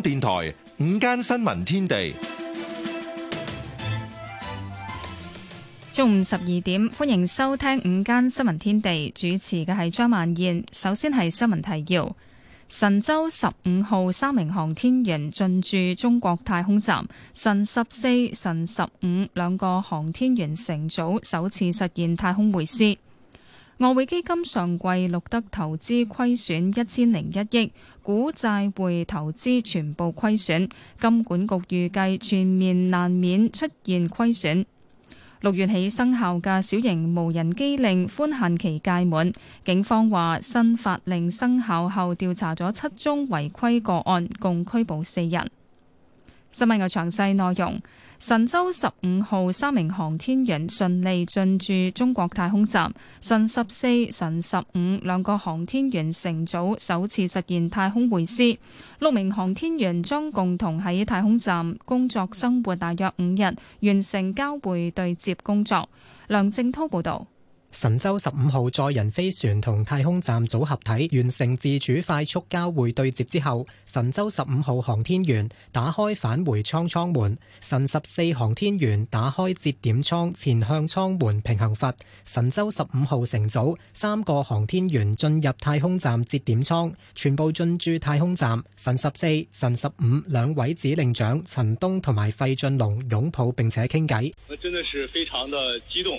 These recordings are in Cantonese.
電台午間新聞天地，中午十二點，歡迎收聽午間新聞天地。主持嘅係張曼燕。首先係新聞提要：神舟十五號三名航天員進駐中國太空站，神十四、神十五兩個航天員乘組首次實現太空會師。外匯基金上季錄得投資虧損一千零一億，股債匯投資全部虧損。金管局預計全面難免出現虧損。六月起生效嘅小型無人機令寬限期屆滿，警方話新法令生效後調查咗七宗違規個案，共拘捕四人。新聞嘅詳細內容。神舟十五號三名航天員順利進駐中國太空站，神十四、神十五兩個航天員乘組首次實現太空會師，六名航天員將共同喺太空站工作生活大約五日，完成交會對接工作。梁正滔報導。神舟十五號載人飛船同太空站組合體完成自主快速交會對接之後，神舟十五號航天員打開返回艙艙門，神十四航天員打開節點艙前向艙門平衡閥，神舟十五號乘組三個航天員進入太空站節點艙，全部進駐太空站。神十四、神十五兩位指令長陳冬同埋費俊龍擁抱並且傾偈。我真的是非常的激動。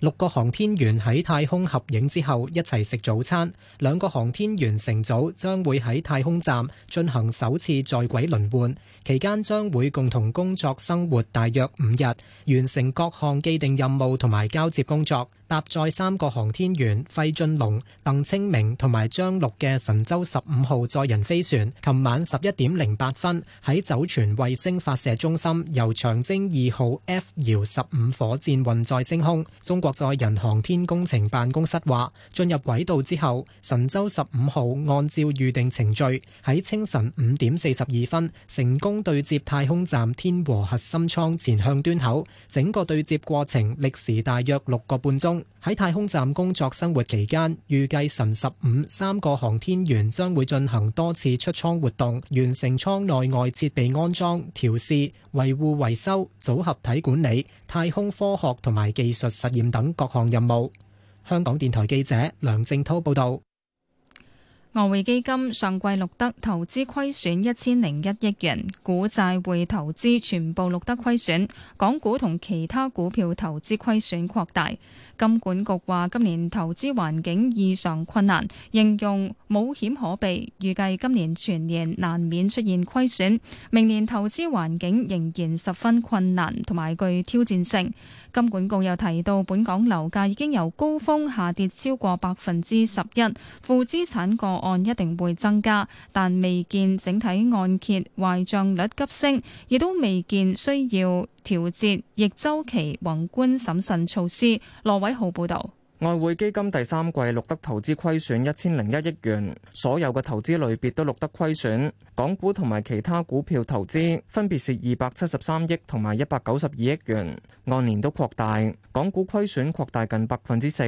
六個航天員喺太空合影之後一齊食早餐。兩個航天員成組將會喺太空站進行首次在軌輪換，期間將會共同工作生活大約五日，完成各項既定任務同埋交接工作。搭載三個航天員費俊龍、鄧清明同埋張陸嘅神舟十五號載人飛船，琴晚十一點零八分喺酒泉衛星發射中心由長征二號 F 遙十五火箭運載升空。中國載人航天工程辦公室話，進入軌道之後，神舟十五號按照預定程序喺清晨五點四十二分成功對接太空站天和核心艙前向端口，整個對接過程歷時大約六個半鐘。喺太空站工作生活期間，預計神十五三個航天員將會進行多次出艙活動，完成艙內外設備安裝、調試、維護、維修、組合體管理、太空科學同埋技術實驗等各項任務。香港電台記者梁正濤報道。外匯基金上季錄得投資虧損一千零一億元，股債會投資全部錄得虧損，港股同其他股票投資虧損擴大。金管局話今年投資環境異常困難，形容冇險可避，預計今年全年難免出現虧損，明年投資環境仍然十分困難同埋具挑戰性。金管局又提到，本港樓價已經由高峰下跌超過百分之十一，負資產個案一定會增加，但未見整體按揭壞賬率急升，亦都未見需要調節逆週期宏觀審慎措施。羅偉浩報道。外匯基金第三季錄得投資虧損一千零一億元，所有嘅投資類別都錄得虧損，港股同埋其他股票投資分別是二百七十三億同埋一百九十二億元，按年都擴大，港股虧損擴大近百分之四。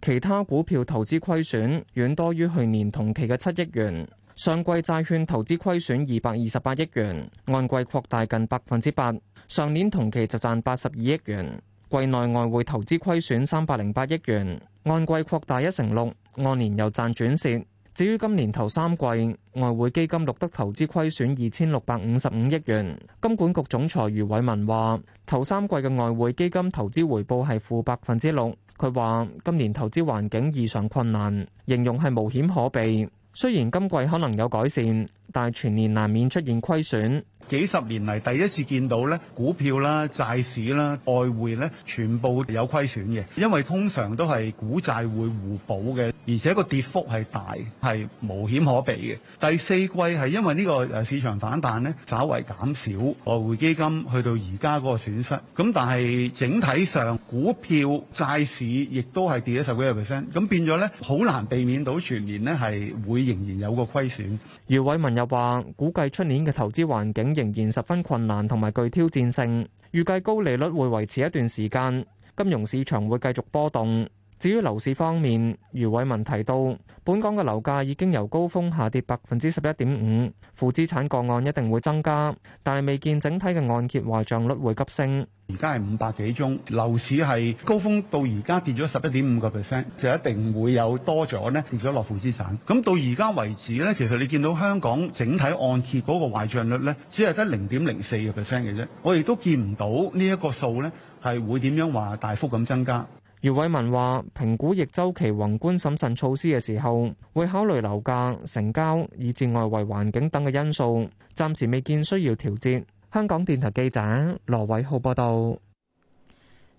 其他股票投資虧損遠多於去年同期嘅七億元，上季債券投資虧損二百二十八億元，按季擴大近百分之八，上年同期就賺八十二億元。季內外匯投資虧損三百零八億元，按季擴大一成六，按年又賺轉蝕。至於今年頭三季外匯基金錄得投資虧損二千六百五十五億元，金管局總裁余偉文話：頭三季嘅外匯基金投資回報係負百分之六。佢話：今年投資環境異常困難，形容係無險可避。雖然今季可能有改善，但全年難免出現虧損。幾十年嚟第一次見到咧，股票啦、債市啦、外匯咧，全部有虧損嘅。因為通常都係股債會互補嘅，而且個跌幅係大，係無險可避嘅。第四季係因為呢個誒市場反彈咧，稍為減少外匯基金去到而家嗰個損失。咁但係整體上股票、債市亦都係跌咗十幾個 percent。咁變咗咧，好難避免到全年咧係會仍然有個虧損。余偉文又話，估計出年嘅投資環境。仍然十分困難同埋具挑戰性，預計高利率會維持一段時間，金融市場會繼續波動。至於樓市方面，余偉文提到，本港嘅樓價已經由高峰下跌百分之十一點五，負資產個案一定會增加，但係未見整體嘅按揭壞帳率會急升。而家係五百幾宗，樓市係高峰到而家跌咗十一點五個 percent，就一定會有多咗呢跌咗落負資產。咁到而家為止呢，其實你見到香港整體按揭嗰個壞帳率呢，只係得零點零四個 percent 嘅啫。我亦都見唔到呢一個數呢，係會點樣話大幅咁增加。余偉文話評估逆周期宏觀審慎措施嘅時候，會考慮樓價成交以至外圍環境等嘅因素，暫時未見需要調節。香港電台記者羅偉浩報道。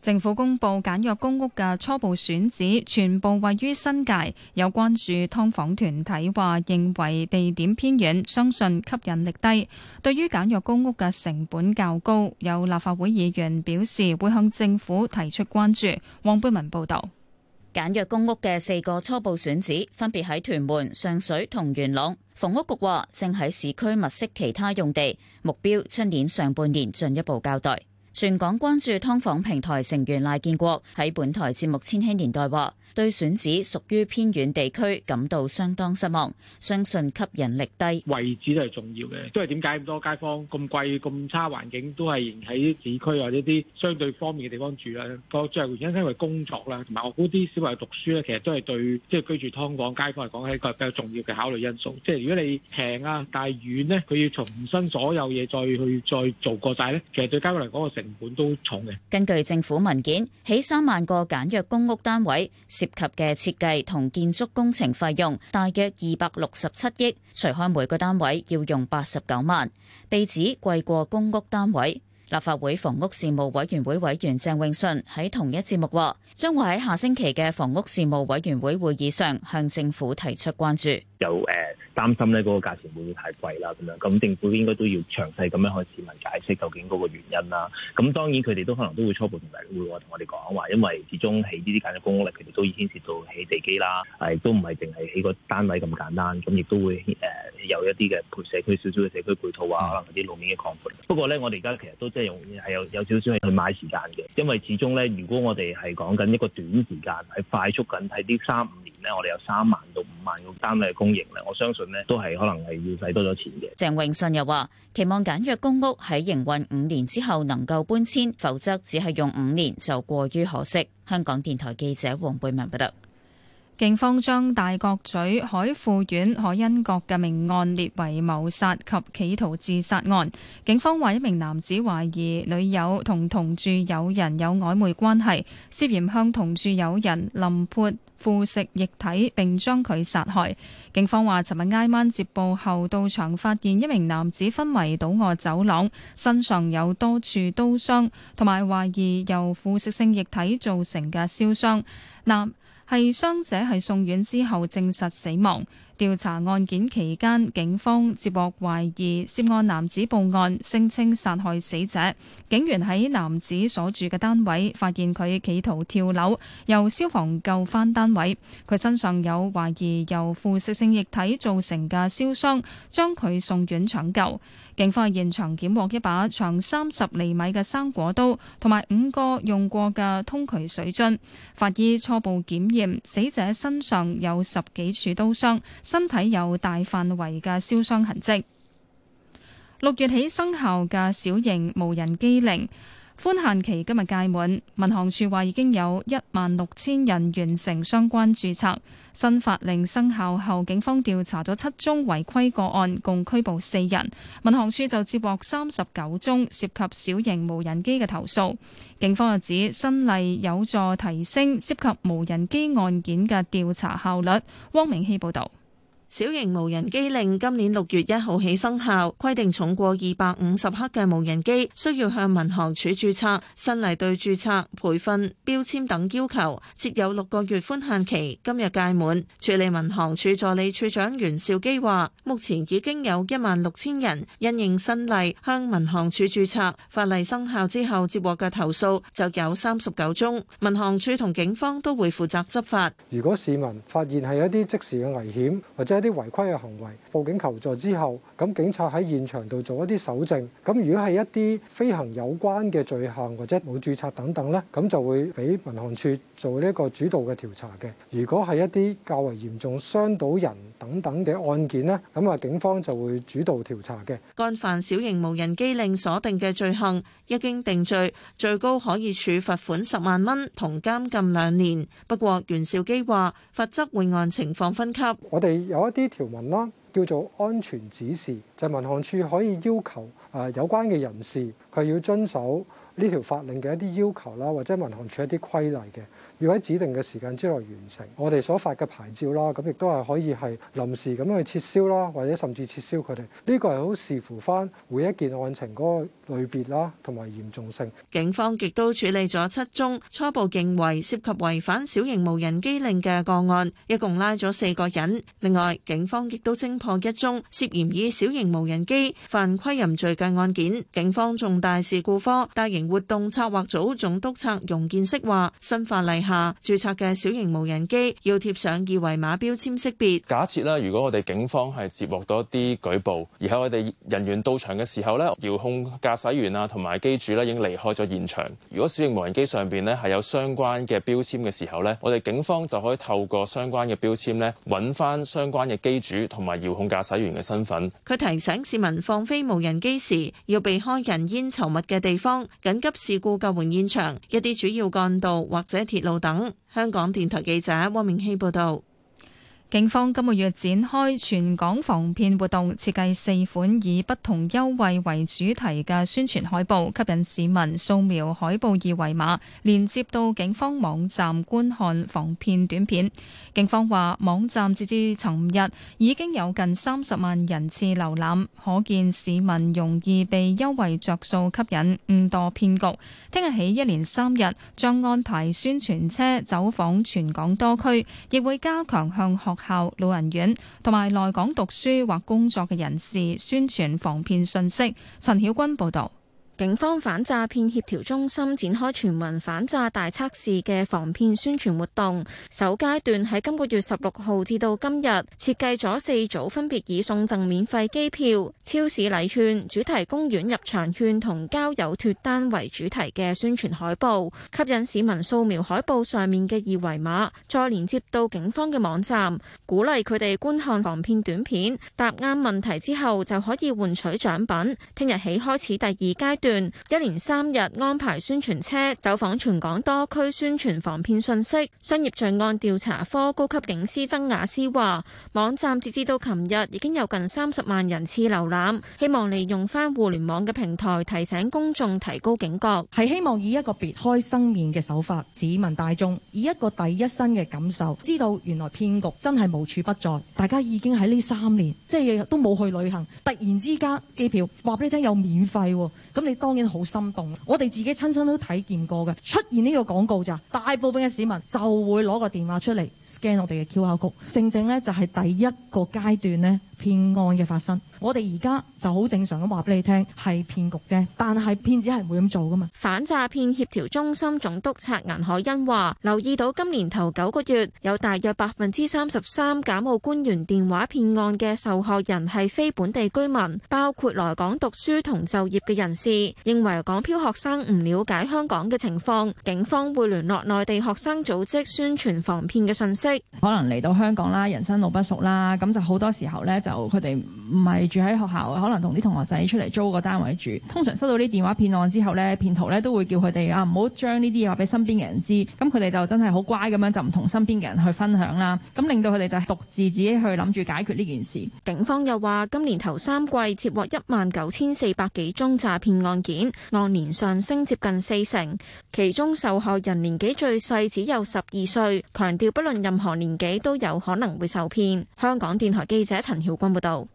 政府公布簡約公屋嘅初步選址，全部位於新界。有關注劏房團體話認為地點偏遠，相信吸引力低。對於簡約公屋嘅成本較高，有立法會議員表示會向政府提出關注。黃貝文報道。簡約公屋嘅四個初步選址分別喺屯門、上水同元朗。房屋局話正喺市區物色其他用地，目標出年上半年進一步交代。全港關注劏房平台成員賴建國喺本台節目《千禧年代》話。對選址屬於偏遠地區感到相當失望，相信吸引力低。位置都係重要嘅，都係點解咁多街坊咁貴、咁差環境都係仍喺市區或者啲相對方便嘅地方住啦。個主要原因因為工作啦，同埋我估啲小朋友讀書咧，其實都係對即係居住劏房街坊嚟講係一個比較重要嘅考慮因素。即係如果你平啊，但係遠呢，佢要重新所有嘢再去再做過晒咧，其實對街坊嚟講個成本都重嘅。根據政府文件，起三萬個簡約公屋單位。涉及嘅設計同建築工程費用大約二百六十七億，除開每個單位要用八十九萬，被指貴過公屋單位。立法會房屋事務委員會委員鄭泳舜喺同一節目話。將會喺下星期嘅房屋事務委員會會議上向政府提出關注。有誒擔心咧，嗰個價錢會唔會太貴啦？咁樣咁政府應該都要詳細咁樣向市民解釋究竟嗰個原因啦。咁當然佢哋都可能都會初步同委會同我哋講話，因為始終起呢啲簡約公屋嚟，佢哋都已經涉到起地基啦，係都唔係淨係起個單位咁簡單。咁亦都會誒有一啲嘅配社區少少嘅社區配套啊，可能啲路面嘅擴闊。不過咧，我哋而家其實都即係用係有有少少去買時間嘅，因為始終咧，如果我哋係講緊。一個短時間快速緊，睇啲三五年呢，我哋有三萬到五萬個單位供應，我相信呢，都係可能係要使多咗錢嘅。鄭榮信又話，期望簡約公屋喺營運五年之後能夠搬遷，否則只係用五年就過於可惜。香港電台記者黃貝文報道。警方將大角咀海富苑海欣閣嘅命案列為謀殺及企圖自殺案。警方話一名男子懷疑女友同同住友人有曖昧關係，涉嫌向同住友人淋潑腐蝕液體並將佢殺害。警方話尋日挨晚接報後到場，發現一名男子昏迷倒卧走廊，身上有多處刀傷同埋懷疑由腐蝕性液體造成嘅燒傷。係傷者喺送院之後證實死亡。調查案件期間，警方接獲懷疑涉案男子報案，聲稱殺害死者。警員喺男子所住嘅單位發現佢企圖跳樓，由消防救翻單位。佢身上有懷疑由腐蝕性液體造成嘅燒傷，將佢送院搶救。警方現場檢獲一把長三十厘米嘅生果刀，同埋五個用過嘅通渠水樽。法醫初步檢驗，死者身上有十幾處刀傷，身體有大範圍嘅燒傷痕跡。六月起生效嘅小型無人機令寬限期今日屆滿，民航處話已經有一萬六千人完成相關註冊。新法令生效後，警方調查咗七宗違規個案，共拘捕四人。民航處就接獲三十九宗涉及小型無人機嘅投訴。警方又指新例有助提升涉及無人機案件嘅調查效率。汪明希報導。小型無人機令今年六月一號起生效，規定重過二百五十克嘅無人機需要向民航處註冊。新例對註冊、培訓、標籤等要求，設有六個月寬限期，今日屆滿。處理民航處助理處長袁兆基話，目前已經有一萬六千人因應新例向民航處註冊，法例生效之後接獲嘅投訴就有三十九宗。民航處同警方都會負責執法。如果市民發現係一啲即時嘅危險或者，一啲違規嘅行為，報警求助之後，咁警察喺現場度做一啲搜證。咁如果係一啲飛行有關嘅罪行或者冇註冊等等咧，咁就會俾民航處做呢一個主導嘅調查嘅。如果係一啲較為嚴重傷到人等等嘅案件咧，咁啊警方就會主導調查嘅。干犯小型無人機令鎖定嘅罪行，一經定罪，最高可以處罰款十萬蚊同監禁兩年。不過袁兆基話，罰則會按情況分級。我哋有，一啲條文啦，叫做安全指示，就係民航處可以要求誒有關嘅人士佢要遵守。呢條法令嘅一啲要求啦，或者民航處一啲規例嘅，要喺指定嘅時間之內完成。我哋所發嘅牌照啦，咁亦都係可以係臨時咁樣去撤銷啦，或者甚至撤銷佢哋。呢個係好視乎翻每一件案情嗰個類別啦，同埋嚴重性。警方亦都處理咗七宗初步認為涉及違反小型無人機令嘅個案，一共拉咗四個人。另外，警方亦都偵破一宗涉嫌以小型無人機犯窺淫罪嘅案件。警方重大事故科大型活動策劃組總督察容建式話：新法例下註冊嘅小型無人機要貼上二維碼標籤識別。假設啦，如果我哋警方係接獲到一啲舉報，而喺我哋人員到場嘅時候呢，遙控駕駛員啊同埋機主呢已經離開咗現場。如果小型無人機上邊呢係有相關嘅標籤嘅時候呢，我哋警方就可以透過相關嘅標籤呢搵翻相關嘅機主同埋遙控駕駛員嘅身份。佢提醒市民放飛無人機時要避開人煙稠密嘅地方，緊急事故救援現場，一啲主要幹道或者鐵路等。香港電台記者汪明熙報道。警方今個月展開全港防騙活動，設計四款以不同優惠為主題嘅宣傳海報，吸引市民掃描海報二維碼，連接到警方網站觀看防騙短片。警方話，網站截至尋日已經有近三十萬人次瀏覽，可見市民容易被優惠着數吸引，誤墮騙局。聽日起一連三日將安排宣傳車走訪全港多區，亦會加強向學校、老人院同埋來港讀書或工作嘅人士宣傳防騙信息。陳曉君報道。警方反詐騙協調中心展開全民反詐大測試嘅防騙宣傳活動，首階段喺今個月十六號至到今日，設計咗四組分別以送贈免費機票、超市禮券、主題公園入場券同交友脫單為主題嘅宣傳海報，吸引市民掃描海報上面嘅二維碼，再連接到警方嘅網站，鼓勵佢哋觀看防騙短片，答啱問題之後就可以換取獎品。聽日起開始第二階段。一連三日安排宣傳車走訪全港多區，宣傳防騙信息。商業罪案調查科高級警司曾雅詩話：網站截至到琴日已經有近三十萬人次瀏覽，希望利用翻互聯網嘅平台提醒公眾提高警覺，係希望以一個別開生面嘅手法，市民大眾以一個第一身嘅感受，知道原來騙局真係無處不在。大家已經喺呢三年，即係日日都冇去旅行，突然之間機票話俾你聽有免費。咁你當然好心動，我哋自己親身都體驗過嘅，出現呢個廣告咋，大部分嘅市民就會攞個電話出嚟 scan 我哋嘅 QR code。正正呢，就係第一個階段呢，騙案嘅發生。我哋而家就好正常咁話俾你聽，係騙局啫。但係騙子係唔會咁做噶嘛。反詐騙協調中心總督察顏海欣話留意到今年頭九個月，有大約百分之三十三假冒官員電話騙案嘅受害人係非本地居民，包括來港讀書同就業嘅人士。認為港漂學生唔了解香港嘅情況，警方會聯絡內地學生組織宣傳防騙嘅信息。可能嚟到香港啦，人生路不熟啦，咁就好多時候咧，就佢哋唔係。住喺學校，可能同啲同學仔出嚟租個單位住。通常收到啲電話騙案之後呢，騙徒咧都會叫佢哋啊，唔好將呢啲嘢話俾身邊嘅人知。咁佢哋就真係好乖咁樣，就唔同身邊嘅人去分享啦。咁令到佢哋就獨自自己去諗住解決呢件事。警方又話，今年頭三季接獲一萬九千四百幾宗詐騙案件，按年上升接近四成。其中受害人年紀最細只有十二歲，強調不論任何年紀都有可能會受騙。香港電台記者陳曉君報道。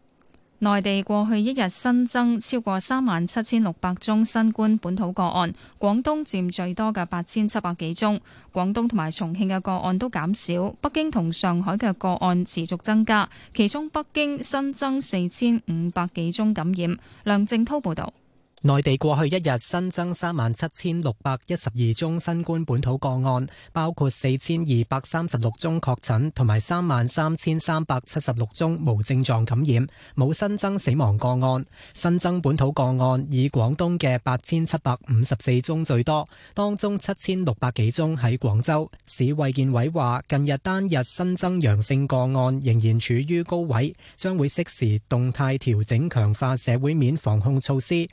內地過去一日新增超過三萬七千六百宗新冠本土個案，廣東佔最多嘅八千七百幾宗，廣東同埋重慶嘅個案都減少，北京同上海嘅個案持續增加，其中北京新增四千五百幾宗感染。梁正濤報道。內地過去一日新增三萬七千六百一十二宗新冠本土個案，包括四千二百三十六宗確診同埋三萬三千三百七十六宗無症狀感染，冇新增死亡個案。新增本土個案以廣東嘅八千七百五十四宗最多，當中七千六百幾宗喺廣州市。衛健委話，近日單日新增陽性個案仍然處於高位，將會適時動態調整強化社會面防控措施，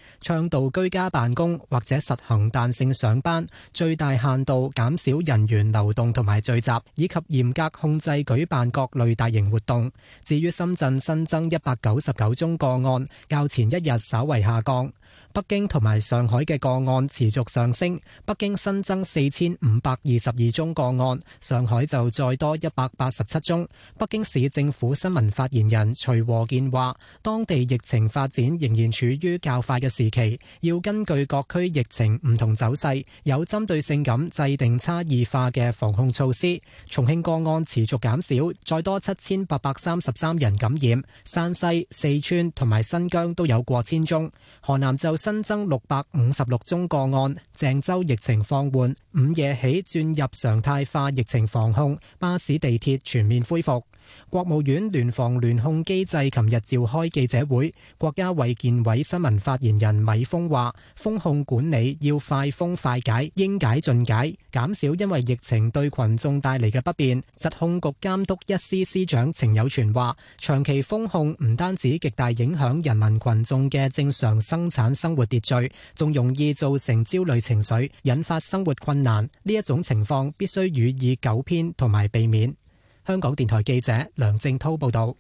度居家辦公或者實行彈性上班，最大限度減少人員流動同埋聚集，以及嚴格控制舉辦各類大型活動。至於深圳新增一百九十九宗個案，較前一日稍為下降。北京同埋上海嘅個案持續上升，北京新增四千五百二十二宗個案，上海就再多一百八十七宗。北京市政府新聞發言人徐和建話當地疫情發展仍然處於較快嘅時期，要根據各區疫情唔同走勢有針對性咁制定差異化嘅防控措施。重慶個案持續減少，再多七千八百三十三人感染，山西、四川同埋新疆都有過千宗，河南就新增六百五十六宗個案，鄭州疫情放緩。午夜起轉入常態化疫情防控，巴士、地鐵全面恢復。國務院聯防聯控機制琴日召開記者會，國家衛健委新聞發言人米鋒話：封控管理要快封快解，應解盡解，減少因為疫情對群眾帶嚟嘅不便。疾控局監督一司司長程有全話：長期封控唔單止極大影響人民群眾嘅正常生產生活秩序，仲容易造成焦慮情緒，引發生活困難，呢一種情況必須予以糾偏同埋避免。香港電台記者梁正濤報道：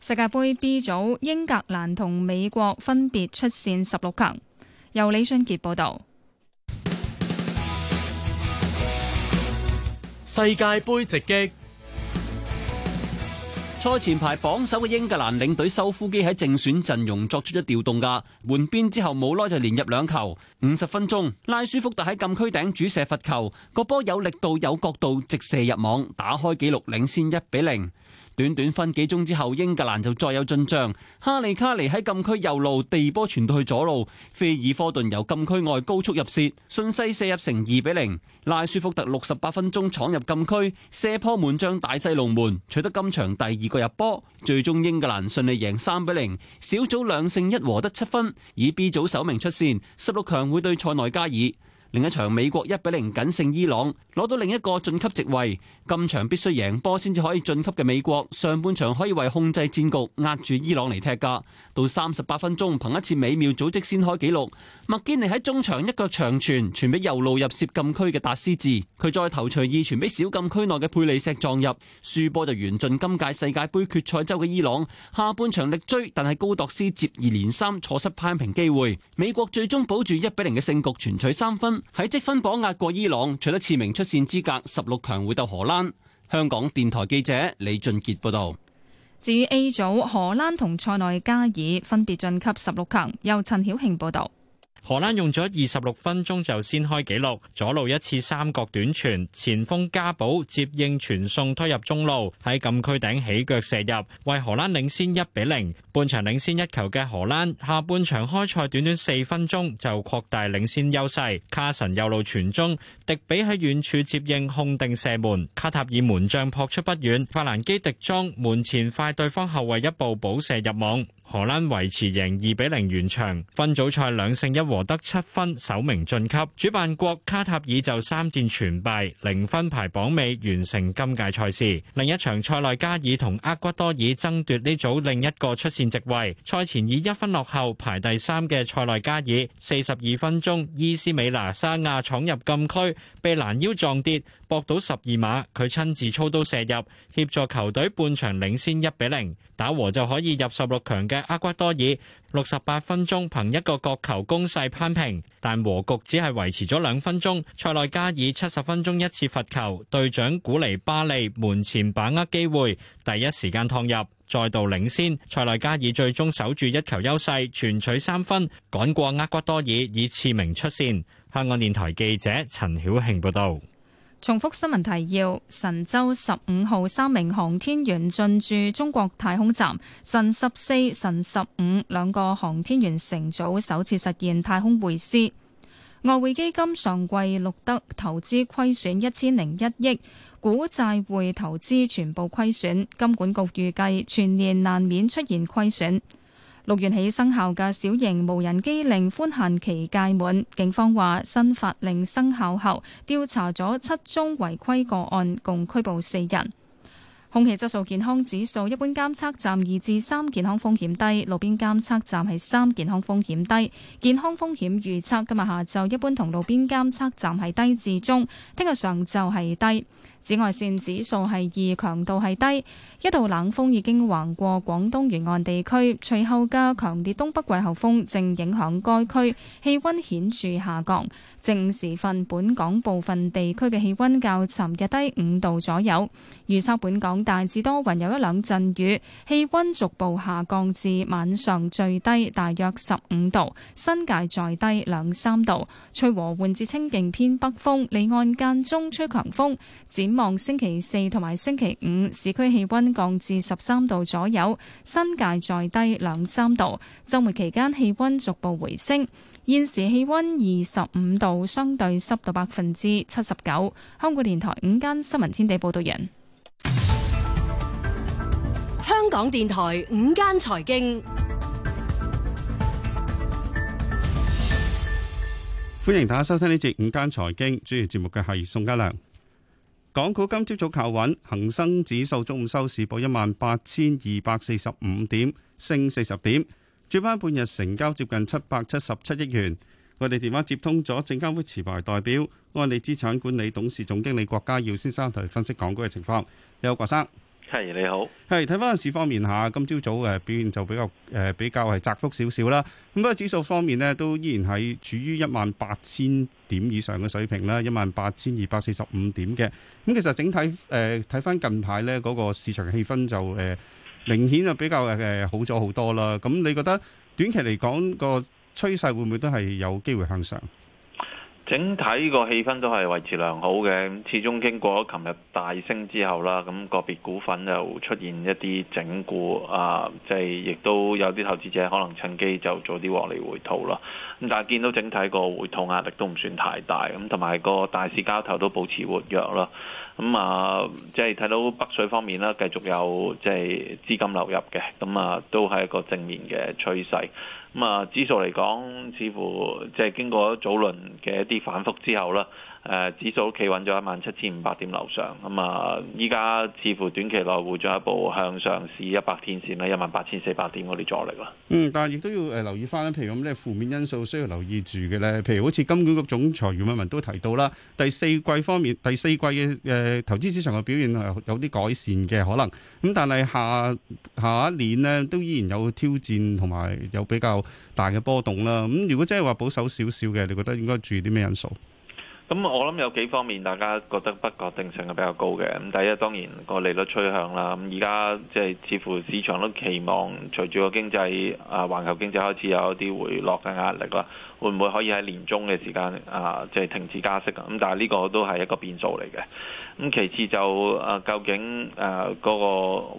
世界杯 B 組，英格蘭同美國分別出線十六強。由李俊杰報道。世界杯直擊。賽前排榜首嘅英格蘭領隊修夫基喺正選陣容作出咗調動噶，換邊之後冇耐就連入兩球。五十分鐘，拉舒福特喺禁區頂主射罰球，個波有力度有角度，直射入網，打開紀錄，領先一比零。短短分幾鐘之後，英格蘭就再有進賬。哈利卡尼喺禁區右路地波傳到去左路，菲爾科頓由禁區外高速入楔，順勢射入成二比零。拉舒福特六十八分鐘闖入禁區射波滿將大西龍門，取得今場第二個入波。最終英格蘭順利贏三比零，小組兩勝一和得七分，以 B 組首名出線，十六強會對塞內加爾。另一場美國一比零僅勝伊朗，攞到另一個晉級席位。今場必須贏波先至可以晉級嘅美國，上半場可以為控制戰局壓住伊朗嚟踢噶。到三十八分鐘，憑一次美妙組織先開紀錄。麥堅尼喺中場一腳長傳，傳俾右路入涉禁區嘅達斯治，佢再投隨意傳俾小禁區內嘅佩里石撞入，輸波就緣盡今屆世界盃決賽周嘅伊朗。下半場力追，但係高度斯接二連三錯失攀平機會，美國最終保住一比零嘅勝局，全取三分喺積分榜壓過伊朗，取得次名出線資格，十六強會鬥荷蘭。香港電台記者李俊傑報道。至於 A 組，荷蘭同塞內加爾分別晉級十六強，由陳曉慶報導。荷蘭用咗二十六分鐘就先開紀錄，左路一次三角短傳，前鋒加保接應傳送推入中路，喺禁區頂起腳射入，為荷蘭領先一比零。半場領先一球嘅荷蘭，下半場開賽短短四分鐘就擴大領先優勢，卡神右路傳中，迪比喺遠處接應控定射門，卡塔爾門將撲出不遠，法蘭基迪莊門前快對方後衛一步補射入網。荷蘭維持贏二比零完場，分組賽兩勝一和得七分，首名晉級。主辦國卡塔爾就三戰全敗，零分排榜尾，完成今屆賽事。另一場塞內加爾同厄瓜多爾爭奪呢組另一個出線席位。賽前以一分落後排第三嘅塞內加爾，四十二分鐘伊斯美拿沙亞闖入禁區，被攔腰撞跌，搏到十二碼，佢親自操刀射入，協助球隊半場領先一比零。打和就可以入十六強嘅厄瓜多爾，六十八分鐘憑一個角球攻勢扳平，但和局只係維持咗兩分鐘。塞內加爾七十分鐘一次罰球，隊長古尼巴利門前把握機會，第一時間趟入，再度領先。塞內加爾最終守住一球優勢，全取三分，趕過厄瓜多爾，以次名出線。香港電台記者陳曉慶報道。重複新聞提要：神舟十五號三名航天員進駐中國太空站，神十四、神十五兩個航天員乘組首次實現太空會師。外匯基金上季錄得投資虧損一千零一億，股債匯投資全部虧損，金管局預計全年難免出現虧損。六月起生效嘅小型無人機令寬限期屆滿，警方話新法令生效後調查咗七宗違規個案，共拘捕四人。空氣質素健康指數一般監測站二至三，健康風險低；路邊監測站係三，健康風險低。健康風險預測今日下晝一般同路邊監測站係低至中，聽日上晝係低。紫外線指數係二，強度係低。一度冷風已經橫過廣東沿岸地區，隨後加強的東北季候風正影響該區，氣温顯著下降。正午時分，本港部分地區嘅氣温較尋日低五度左右。預測本港大致多雲，有一兩陣雨，氣温逐步下降至晚上最低，大約十五度，新界再低兩三度。吹和緩至清勁偏北風，離岸間中吹強風。展望星期四同埋星期五，市區氣温降至十三度左右，新界再低兩三度。周末期間氣溫逐步回升，現時氣溫二十五度，相對濕度百分之七十九。香港電台午間新聞天地報道人。香港電台午間財經，歡迎大家收聽呢節午間財經，主持節目嘅係宋嘉良。港股今朝早靠穩，恒生指數中午收市報一萬八千二百四十五點，升四十點，主板半日成交接近七百七十七億元。我哋電話接通咗證監會持牌代表安利資產管理董事總經理郭家耀先生，嚟分析港股嘅情況。你好，郭生。係，你好，係睇翻市方面吓，今朝早誒表現就比較誒、呃、比較係窄幅少少啦。咁不過指數方面呢，都依然喺處於一萬八千點以上嘅水平啦，一萬八千二百四十五點嘅。咁其實整體誒睇翻近排咧嗰個市場氣氛就誒、呃、明顯就比較誒、呃、好咗好多啦。咁你覺得短期嚟講，個趨勢會唔會都係有機會向上？整體個氣氛都係維持良好嘅，始終經過琴日大升之後啦，咁個別股份就出現一啲整固啊，即係亦都有啲投資者可能趁機就早啲獲利回吐啦。咁、啊、但係見到整體個回吐壓力都唔算太大，咁同埋個大市交投都保持活躍啦。咁啊，即係睇到北水方面啦，繼續有即係資金流入嘅，咁啊都係一個正面嘅趨勢。咁啊，指數嚟講似乎即係經過咗早輪嘅一啲反覆之後啦。誒、呃、指數企穩咗一萬七千五百點樓上咁啊，依、嗯、家似乎短期內會進一步向上試一百天線咧，一萬八千四百點嗰啲阻力啦。嗯，但係亦都要誒留意翻咧，譬如咁啲負面因素需要留意住嘅咧，譬如好似金管局總裁余敏文都提到啦，第四季方面第四季嘅誒、呃、投資市場嘅表現係有啲改善嘅可能。咁但係下一下一年呢，都依然有挑戰同埋有比較大嘅波動啦。咁、嗯、如果真係話保守少少嘅，你覺得應該注意啲咩因素？咁我諗有幾方面，大家覺得不確定性係比較高嘅。咁第一當然個利率趨向啦。咁而家即係似乎市場都期望隨住個經濟啊，環球經濟開始有一啲回落嘅壓力啦。會唔會可以喺年終嘅時間啊，即係停止加息啊？咁但係呢個都係一個變數嚟嘅。咁其次就啊，究竟啊嗰個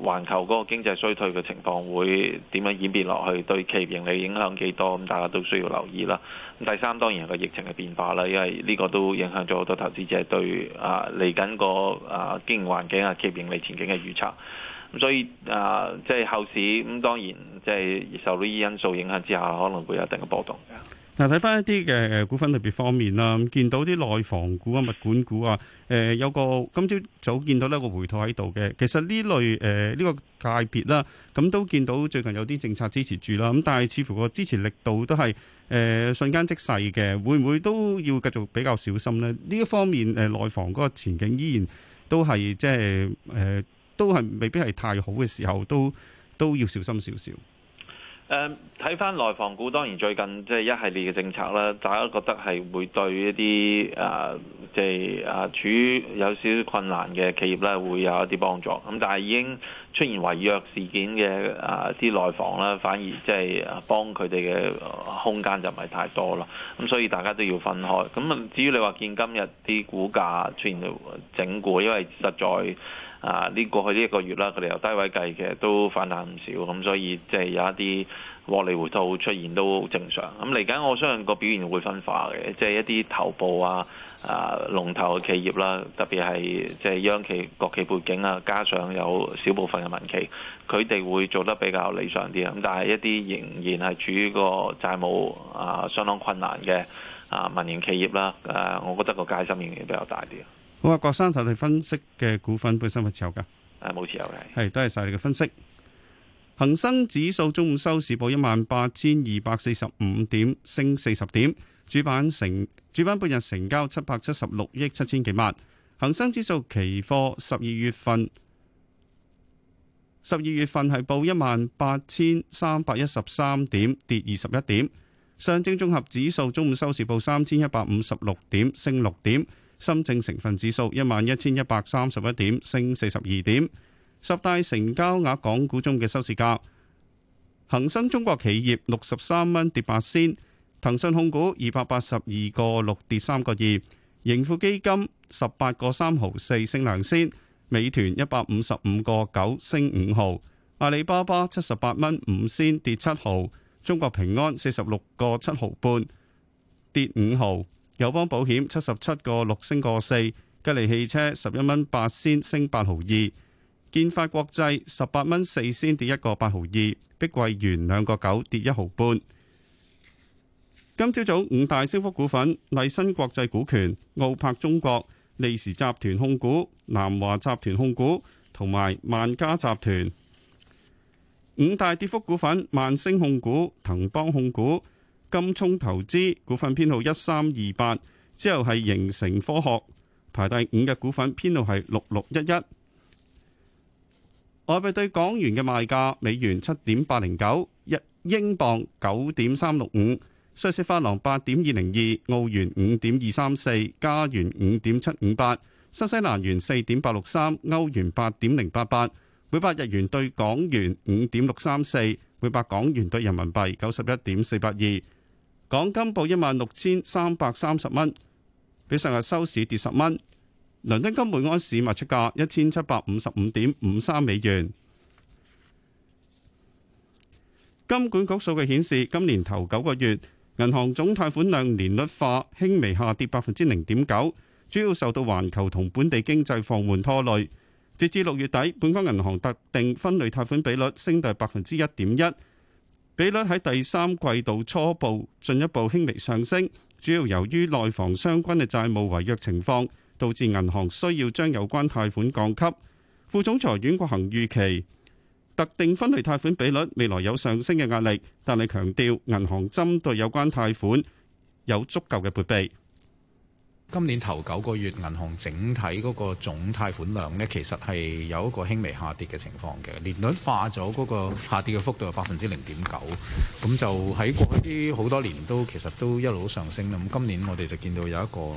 環球嗰個經濟衰退嘅情況會點樣演變落去，對企業盈利影響幾多？咁大家都需要留意啦。咁第三當然係個疫情嘅變化啦，因為呢個都影響咗好多投資者對啊嚟緊個啊經營環境啊企業盈利前景嘅預測。咁所以啊，即係後市咁當然即係受呢啲因素影響之下，可能會有一定嘅波動嘅。嗱，睇翻一啲嘅誒股份類別方面啦，咁見到啲內房股啊、物管股啊，誒有個今朝早見到一個回吐喺度嘅。其實呢類誒呢個界別啦，咁都見到最近有啲政策支持住啦。咁但係似乎個支持力度都係誒瞬間即逝嘅，會唔會都要繼續比較小心咧？呢一方面誒內房嗰個前景依然都係即係誒都係未必係太好嘅時候，都都要小心少少。誒睇翻內房股，當然最近即係一系列嘅政策咧，大家都覺得係會對一啲誒即係誒處於有少少困難嘅企業咧，會有一啲幫助。咁但係已經出現違約事件嘅誒啲內房咧，反而即係幫佢哋嘅空間就唔係太多啦。咁所以大家都要分開。咁至於你話見今日啲股價出現整固，因為實在。啊！呢過去呢一個月啦，佢哋由低位計嘅都反彈唔少，咁所以即係有一啲獲利回吐出現都正常。咁嚟緊，我相信個表現會分化嘅，即係一啲頭部啊、啊龍頭企業啦，特別係即係央企、國企背景啊，加上有少部分嘅民企，佢哋會做得比較理想啲。咁但係一啲仍然係處於個債務啊相當困難嘅啊民營企業啦，誒、啊，我覺得個戒心仍然比較大啲。好啊，郭生，睇下你分析嘅股份本身會持有噶？誒，冇持有嘅。係，多謝晒你嘅分析。恒生指數中午收市報一萬八千二百四十五點，升四十點。主板成主板半日成交七百七十六億七千幾萬。恒生指數期貨十二月份，十二月份係報一萬八千三百一十三點，跌二十一點。上證綜合指數中午收市報三千一百五十六點，升六點。深證成分指數一萬一千一百三十一點，升四十二點。十大成交額港股中嘅收市價，恒生中國企業六十三蚊跌八仙，騰訊控股二百八十二個六跌三個二，盈富基金十八個三毫四升兩仙，美團一百五十五個九升五毫，阿里巴巴七十八蚊五仙跌七毫，中國平安四十六個七毫半跌五毫。友邦保險七十七個六升個四，吉利汽車十一蚊八仙升八毫二，建發國際十八蚊四仙跌一個八毫二，碧桂園兩個九跌一毫半。今朝早五大升幅股份：麗新國際股權、奧柏中國、利時集團控股、南華集團控股同埋萬家集團。五大跌幅股份：萬星控股、騰邦控股。金涌投資股份編號一三二八，之後係形成科學排第五嘅股份編號係六六一一。外幣對港元嘅賣價：美元七點八零九，一英鎊九點三六五，瑞士法郎八點二零二，澳元五點二三四，加元五點七五八，新西蘭元四點八六三，歐元八點零八八，每百日元對港元五點六三四，每百港元對人民幣九十一點四八二。港金報一萬六千三百三十蚊，比上日收市跌十蚊。倫敦金每安士賣出價一千七百五十五點五三美元。金管局數據顯示，今年頭九個月，銀行總貸款量年率化輕微下跌百分之零點九，主要受到環球同本地經濟放緩拖累。截至六月底，本港銀行特定分類貸款比率升到百分之一點一。比率喺第三季度初步進一步輕微上升，主要由於內房相關嘅債務違約情況，導致銀行需要將有關貸款降級。副總裁阮國恆預期特定分類貸款比率未來有上升嘅壓力，但係強調銀行針對有關貸款有足夠嘅撥備。今年頭九個月，銀行整體嗰個總貸款量呢，其實係有一個輕微下跌嘅情況嘅，年率化咗嗰個下跌嘅幅度係百分之零點九，咁就喺過去啲好多年都其實都一路上升啦。咁今年我哋就見到有一個。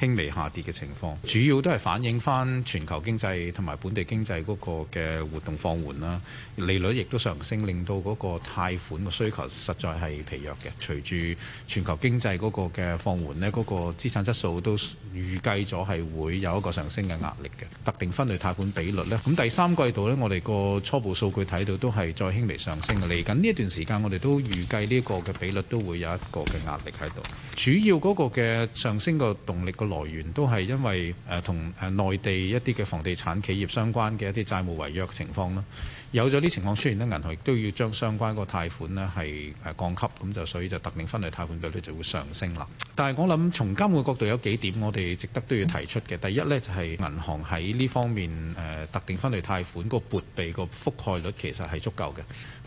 輕微下跌嘅情況，主要都係反映翻全球經濟同埋本地經濟嗰個嘅活動放緩啦。利率亦都上升，令到嗰個貸款嘅需求實在係疲弱嘅。隨住全球經濟嗰個嘅放緩呢，嗰個資產質素都預計咗係會有一個上升嘅壓力嘅。特定分類貸款比率呢，咁第三季度呢，我哋個初步數據睇到都係再輕微上升嘅。嚟緊呢一段時間，我哋都預計呢個嘅比率都會有一個嘅壓力喺度。主要嗰個嘅上升個動力。來源都係因為誒同誒內地一啲嘅房地產企業相關嘅一啲債務違約情況啦，有咗呢情況出現咧，銀行亦都要將相關個貸款咧係誒降級，咁就所以就特定分類貸款比率就會上升啦。但係我諗從監管角度有幾點我哋值得都要提出嘅，第一呢，就係銀行喺呢方面誒特定分類貸款個撥備個覆蓋率其實係足夠嘅，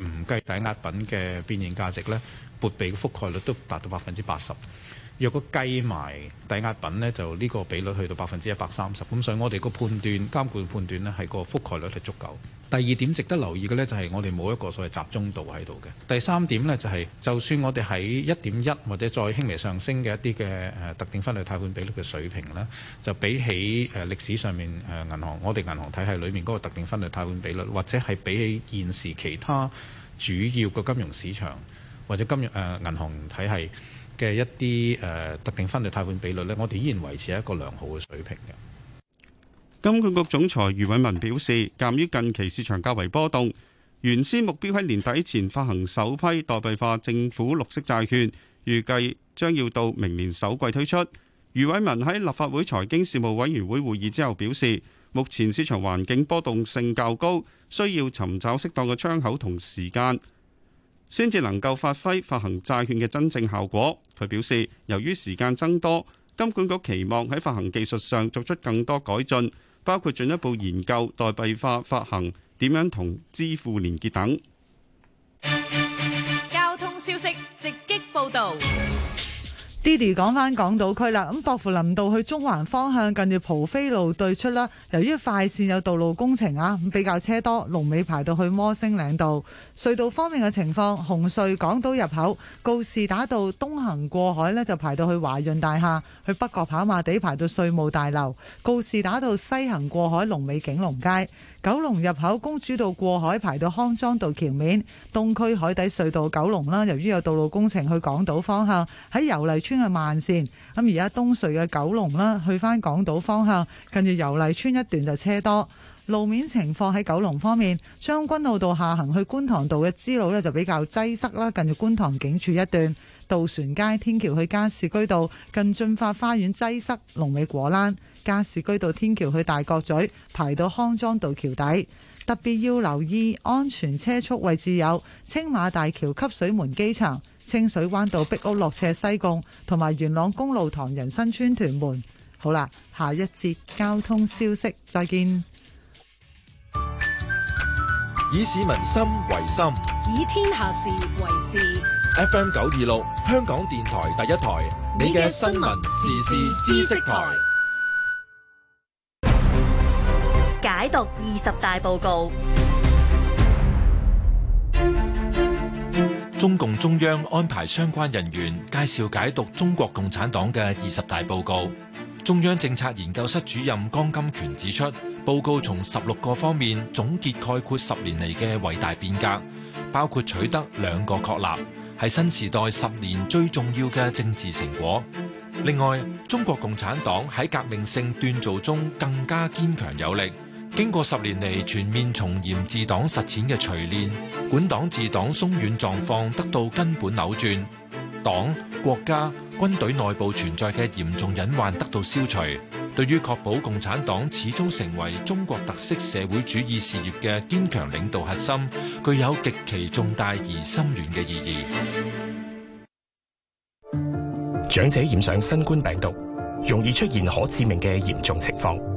唔計抵押品嘅變現價值呢，撥備嘅覆蓋率都達到百分之八十。若果計埋抵押品呢，就呢個比率去到百分之一百三十。咁所以我哋個判斷監管判斷呢，係個覆蓋率係足夠。第二點值得留意嘅呢，就係我哋冇一個所謂集中度喺度嘅。第三點呢，就係就算我哋喺一點一或者再輕微上升嘅一啲嘅特定分類貸款比率嘅水平呢，就比起誒歷史上面誒銀行，我哋銀行體系裏面嗰個特定分類貸款比率，或者係比起現時其他主要嘅金融市場或者金融誒銀行體系嘅一啲誒特定分類貸款比率呢，我哋依然維持一個良好嘅水平嘅。金管局總裁余偉文表示，鑑於近期市場較為波動，原先目標喺年底前發行首批代幣化政府綠色債券，預計將要到明年首季推出。余偉文喺立法會財經事務委員會會議之後表示，目前市場環境波動性較高，需要尋找適當嘅窗口同時間。先至能夠發揮發行債券嘅真正效果。佢表示，由於時間增多，金管局期望喺發行技術上作出更多改進，包括進一步研究代幣化發行點樣同支付連結等。交通消息直擊報導。Didi 講返港島區啦，咁薄扶林道去中環方向近住蒲飛路對出啦，由於快線有道路工程啊，咁比較車多，龍尾排到去摩星嶺道。隧道方面嘅情況，紅隧港島入口，告士打道東行過海呢，就排到去華潤大廈，去北角跑馬地排到稅務大樓，告士打道西行過海龍尾景隆街。九龍入口公主道過海排到康莊道橋面，東區海底隧道九龍啦，由於有道路工程去港島方向，喺油麗邨嘅慢線。咁而家東隧嘅九龍啦，去翻港島方向，近住油麗邨一段就車多。路面情況喺九龍方面，將軍澳道下行去觀塘道嘅支路呢就比較擠塞啦，近住觀塘警署一段，渡船街天橋去加士居道，近駿發花園擠塞，龍尾果欄。加士居道天橋去大角咀，排到康莊道橋底。特別要留意安全車速位置有青馬大橋、汲水門機場、清水灣道、壁屋落斜、西貢同埋元朗公路唐人新村屯門。好啦，下一節交通消息，再見。以市民心為心，以天下事為事。FM 九二六，26, 香港電台第一台，你嘅新聞時事知識台。解讀二十大報告，中共中央安排相關人員介紹解讀中國共產黨嘅二十大報告。中央政策研究室主任江金權指出，報告從十六個方面總結概括十年嚟嘅偉大變革，包括取得兩個確立，係新時代十年最重要嘅政治成果。另外，中國共產黨喺革命性鍛造中更加堅強有力。經過十年嚟全面從嚴治黨實踐嘅錘煉，管黨治黨鬆軟狀況得到根本扭轉，黨、國家、軍隊內部存在嘅嚴重隱患得到消除，對於確保共產黨始終成為中國特色社會主義事業嘅堅強領導核心，具有極其重大而深遠嘅意義。長者染上新冠病毒，容易出現可致命嘅嚴重情況。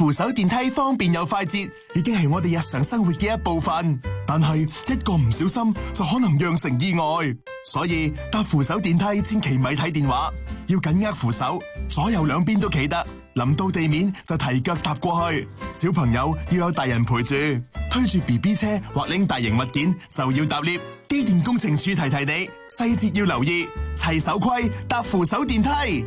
扶手電梯方便又快捷，已經係我哋日常生活嘅一部分。但係一個唔小心就可能釀成意外，所以搭扶手電梯千祈咪睇電話，要緊握扶手，左右兩邊都企得。臨到地面就提腳踏過去。小朋友要有大人陪住，推住 B B 車或拎大型物件就要搭 lift。機電工程處提提你，細節要留意，齊守規搭扶手電梯。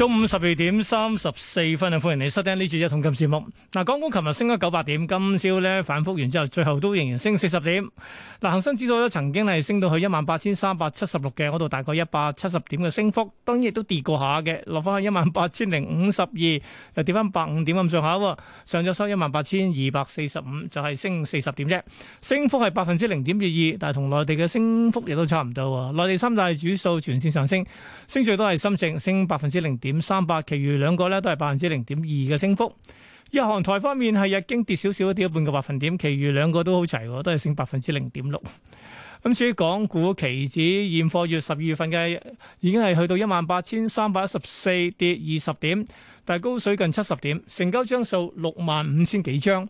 中午十二點三十四分啊，歡迎你收聽呢次一桶金節目。嗱，港股琴日升咗九百點，今朝咧反覆完之後，最後都仍然升四十點。嗱，恒生指數咧曾經係升到去一萬八千三百七十六嘅，嗰度大概一百七十點嘅升幅，當然亦都跌過下嘅，落翻去一萬八千零五十二，又跌翻百五點咁上下喎。上晝收一萬八千二百四十五，就係升四十點啫，升幅係百分之零點二二，但係同內地嘅升幅亦都差唔多喎。內地三大指數全線上升，升最多係深證，升百分之零點點三百，其餘兩個咧都係百分之零點二嘅升幅。日韓台方面係日經跌少少跌咗，半個百分點，其餘兩個都好齊，都係升百分之零點六。咁至於港股期指現貨月十二月份嘅，已經係去到一萬八千三百一十四跌二十點，但高水近七十點，成交張數六萬五千幾張。